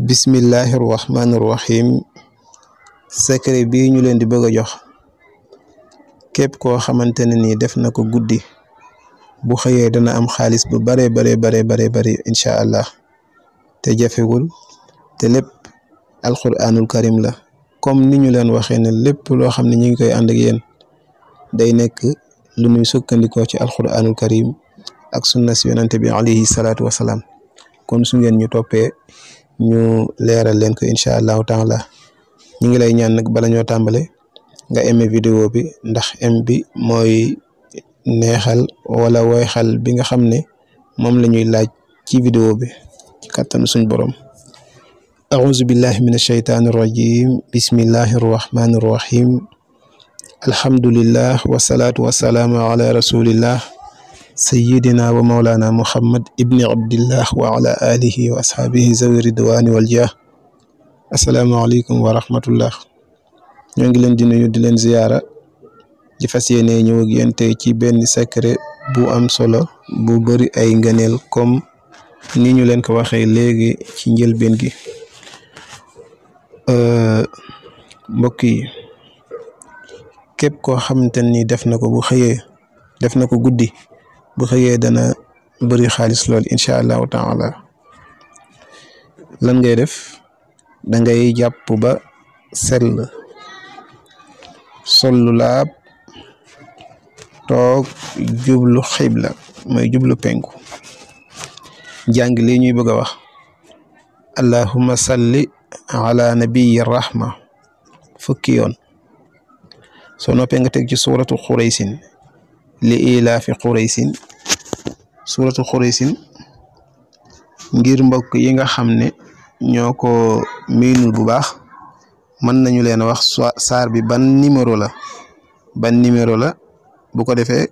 bismillahi rahmaani rahim secret bi ñu leen di bëgg a jox képp koo xamante ne nii def na ko guddi bu xëyee dana am xaalis bu bare bare bare bare bare incha allah te jafewul te lépp alquranul karim la comme ni ñu leen waxee ne lépp loo xam ne ñu ngi koy ànd yéen day nekk lu ñuy sukkandikoo ci alquranul karim ak sunna si yonante bi alayhi salaatu wasalaam kon su ñu toppee ñu leeral leen ko incha allahu taala ñu ngi lay ñaan nag bala ñoo tàmbale nga aimé vidéo bi ndax aim bi mooy neexal wala woyxal bi nga xam ne moom la ñuy laaj ci vidéo bi ci kàttanu suñ borom أعوذ بالله من الشيطان الرجيم بسم الله الرحمن الرحيم الحمد sayyidina wa mawlaana muhammad ibni abdillah wa ala alihi wa asxaabihi zawi ridwaani wal jaah asalaamaaleykum wa rahmatullah ñoo ngi leen di nuyu di leen ziyaara di fas yéene ñëw ci benn secret bu am solo bu bari ay ngëneel kom ni ñu leen ko waxee léegi ci njëlbeen gi euh, mbokk yi képp koo xamante ni def na ko bu xëyee def na ko guddi bu xëyee dana bari xaalis lool incha allahu taala lan ngay def dangay jàpp ba sell sollu lu laab toog jublu xibla mooy jublu penku jàng li ñuy bëgg a wax allahuma salli ala nabiyi rahma fukki yoon soo noppee nga teg ci suuratu quraysin li ilaafi quraysin suratu xuraysin ngir mbokk yi nga xam ne ñoo ko miinul bu baax mën nañu leen wax saar bi ban numéro la ban numéro la bu ko defee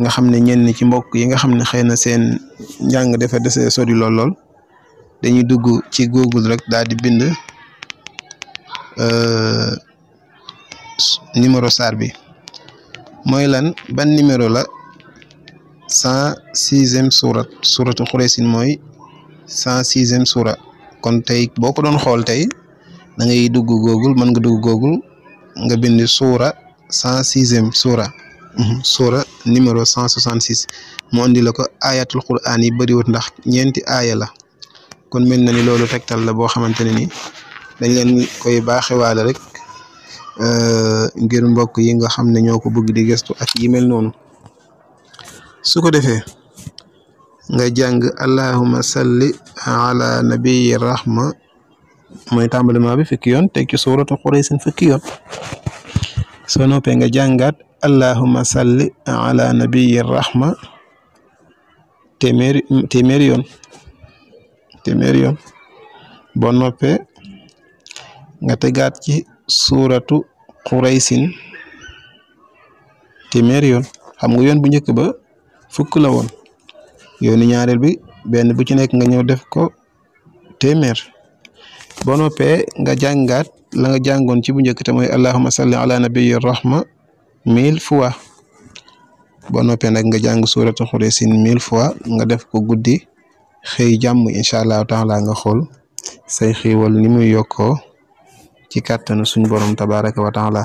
nga xam ne ñenn ci mbokk yi nga xam ne xëy na seen njàng dafa dese sori lool lool dañuy dugg ci Google rek daal di bind euh, numéro saar bi mooy lan ban numéro la cent sixième suura suuratu xureesin mooy cent sixième suura kon tey boo ko doon xool tey da ngay dugg google mën nga dugg google nga bind suura cent sixième suura mhm, suura numéro cent soixante six mu andi la ko ayatul quraan yi bëriwut ndax ñeenti aaya la kon men na ni loolu tegtal la boo xamante ne ni dañ leen koy baaxewaale rek euh, ngir mbokk yi nga xam ne ñoo ko bëgg di gëstu ak yi mel noonu su ko defee nga jàng allahuma salli ala nabiyi rahma mooy tàmbalima bi fukki yoon teg ci suuratu xuraysin fukki yoon soo noppee nga jàngaat allahuma salli ala nabiyi rahma téeméeri téeméeri yoon téeméeri yoon boo noppee nga tegaat ci suuratu yoon xam nga yoon bu njëkk ba fukk la woon yoonu ñaareel bi benn bu ci nekk nga ñëw def ko téeméer boo noppee nga jàngaat la nga jàngoon ci bu njëkk te mooy allahuma salli ala nabiyi rahma mille fois boo noppee nag nga jàng suuratu xureesin mille fois nga def ko guddi xëy jàmm incha allahu taala nga xool say xiiwal ni muy yokkoo ci kàttanu suñ borom tabaraka wa taala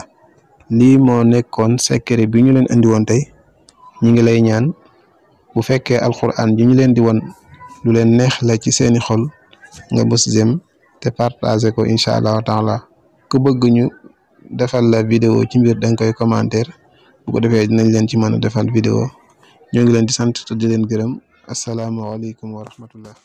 lii moo nekkoon secret bi ñu leen andi woon tey ñu ngi lay ñaan bu fekke alquran ji ñu leen di won lu leen neex la ci seeni xol nga bëss jëm te partager ko inshallah taala ku bëgg ñu defal la vidéo ci mbir dañ koy commentaire bu ko defé dinañ leen ci mëna defal vidéo ñu ngi leen di sant te di leen gërëm alaykum wa rahmatullah